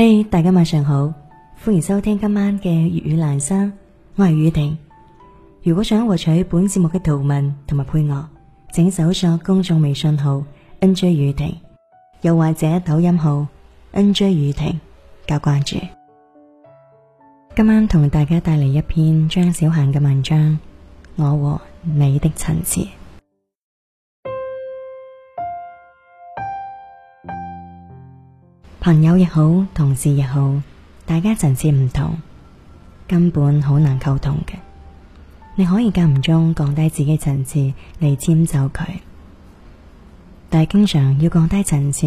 嘿，hey，大家晚上好，歡迎收聽今晚嘅粵語蘭生，我係雨婷。如果想獲取本節目嘅圖文同埋配樂，請搜索公衆微信號 n j 雨婷，又或者抖音號 n j 雨婷，加關注。今晚同大家帶嚟一篇張小嫻嘅文章《我和你的層次》。朋友亦好，同事亦好，大家層次唔同，根本好難溝通嘅。你可以間唔中降低自己層次嚟遷就佢，但係經常要降低層次，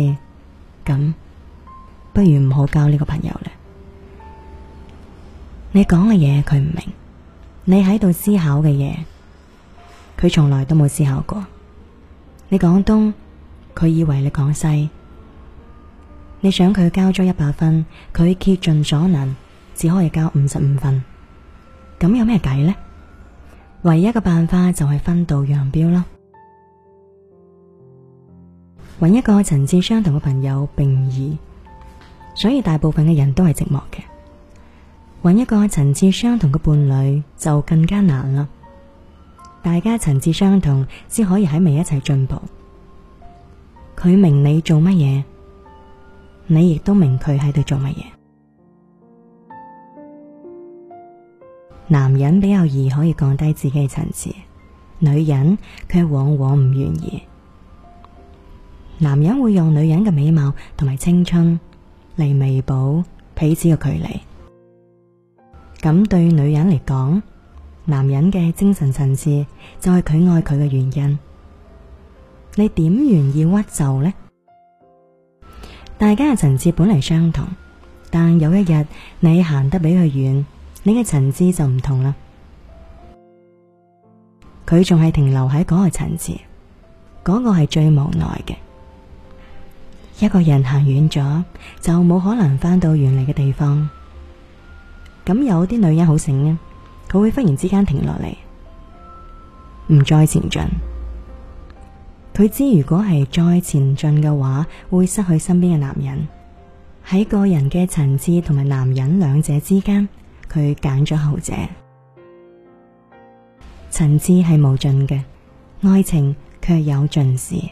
咁，不如唔好交呢個朋友啦。你講嘅嘢佢唔明，你喺度思考嘅嘢，佢從來都冇思考過。你講東，佢以為你講西。你想佢交咗一百分，佢竭盡所能只可以交五十五分，咁有咩計呢？唯一嘅辦法就係分道揚鑣囉。揾一個層次相同嘅朋友並唔易，所以大部分嘅人都係寂寞嘅。揾一個層次相同嘅伴侶就更加難啦。大家層次相同只可以喺未一齊進步。佢明你做乜嘢？你亦都明佢喺度做乜嘢？男人比較易可以降低自己嘅層次，女人卻往往唔願意。男人會用女人嘅美貌同埋青春嚟彌補彼此嘅距離。咁對女人嚟講，男人嘅精神層次就係佢愛佢嘅原因。你點願意屈就呢？大家嘅層次本嚟相同，但有一日你行得比佢遠，你嘅層次就唔同啦。佢仲係停留喺嗰個層次，嗰個係最無奈嘅。一個人行遠咗，就冇可能翻到原嚟嘅地方。咁有啲女人好醒啊，佢會忽然之間停落嚟，唔再前進。佢知如果係再前進嘅話，會失去身邊嘅男人。喺個人嘅層次同埋男人兩者之間，佢揀咗後者。層次係無盡嘅，愛情卻有盡時。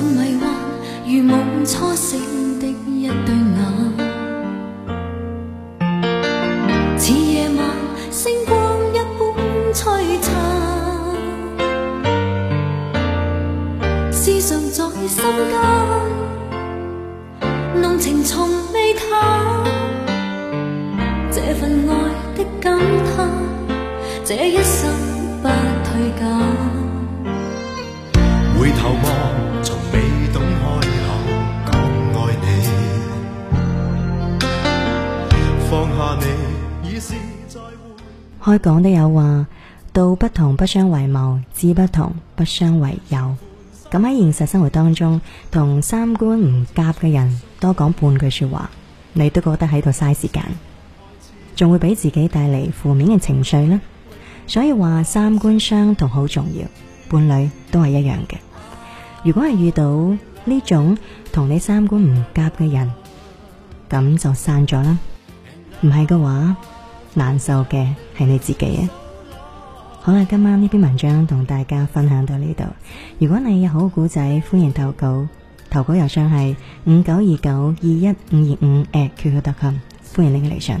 迷幻如夢初醒的一對眼，似夜晚星光一般璀璨。思想在心間，濃情從未淡。這份愛的感嘆，這一生不褪減。開講都有話，道不同不相為謀，志不同不相為友。咁喺現實生活當中，同三觀唔夾嘅人多講半句說話，你都覺得喺度嘥時間，仲會俾自己帶嚟負面嘅情緒啦。所以話三觀相同好重要，伴侶都係一樣嘅。如果係遇到呢種同你三觀唔夾嘅人，咁就散咗啦。唔係嘅話。難受嘅係你自己啊！好啦，今晚呢篇文章同大家分享到呢度。如果你有好古仔，歡迎投稿，投稿郵箱係五九二九二一五二五 at qq.com。歡迎你嘅嚟信。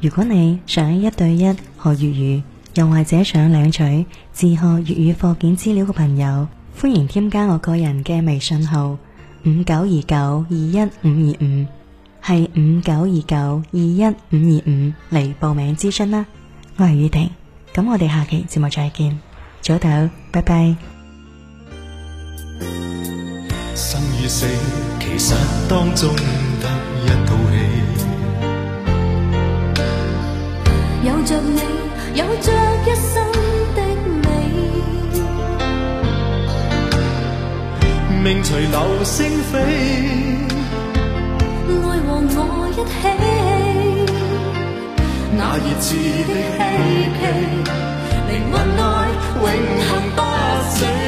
如果你想一對一學粵語，又或者想領取自學粵語課件資料嘅朋友，歡迎添加我個人嘅微信號五九二九二一五二五。係五九二九二一五二五嚟報名諮詢啦，我係雨婷，咁我哋下期節目再見，早唞，拜拜。生與死，其實當中得一套戲， 有着你，有着一生的美， 命隨流星飛。一起，那熱熾的嬉皮，靈魂內永恆不死。